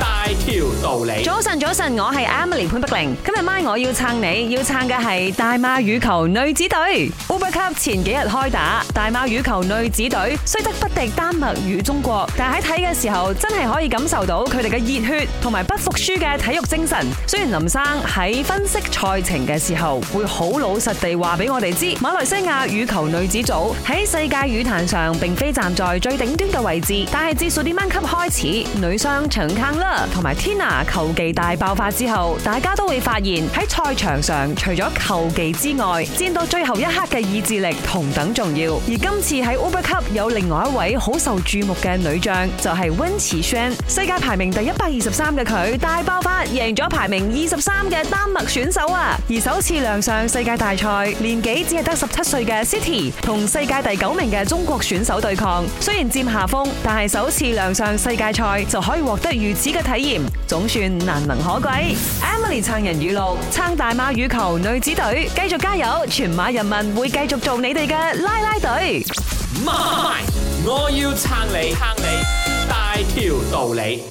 大條道理，早晨，早晨，我係 Emily 潘碧玲。今日晚我要撐你，要撐嘅係大馬羽球女子隊。Uber Cup 前幾日開打，大馬羽球女子隊雖則不敵丹麥與中國，但係喺睇嘅時候真係可以感受到佢哋嘅熱血同埋不服輸嘅體育精神。雖然林生喺分析賽程嘅時候會好老實地話俾我哋知，馬來西亞羽球女子組喺世界羽壇上並非站在最頂端嘅位置，但係至蘇迪曼杯開始，女雙搶坑同埋 Tina 球技大爆發之後，大家都會發現喺賽場上除咗球技之外，戰到最後一刻嘅意志力同等重要。而今次喺 Uber Cup 有另外一位好受注目嘅女將，就係 Win Chi Xuan。世界排名第一百二十三嘅佢大爆發，贏咗排名二十三嘅丹麥選手啊！而首次亮相世界大賽，年紀只係得十七歲嘅 City 同世界第九名嘅中國選手對抗，雖然佔下風，但係首次亮相世界賽就可以獲得如此。嘅體驗總算難能可貴。Emily 撐人語錄，撐大馬羽球女子隊繼續加油，全馬人民會繼續做你哋嘅拉拉隊。我要撐你撐你，大條道理。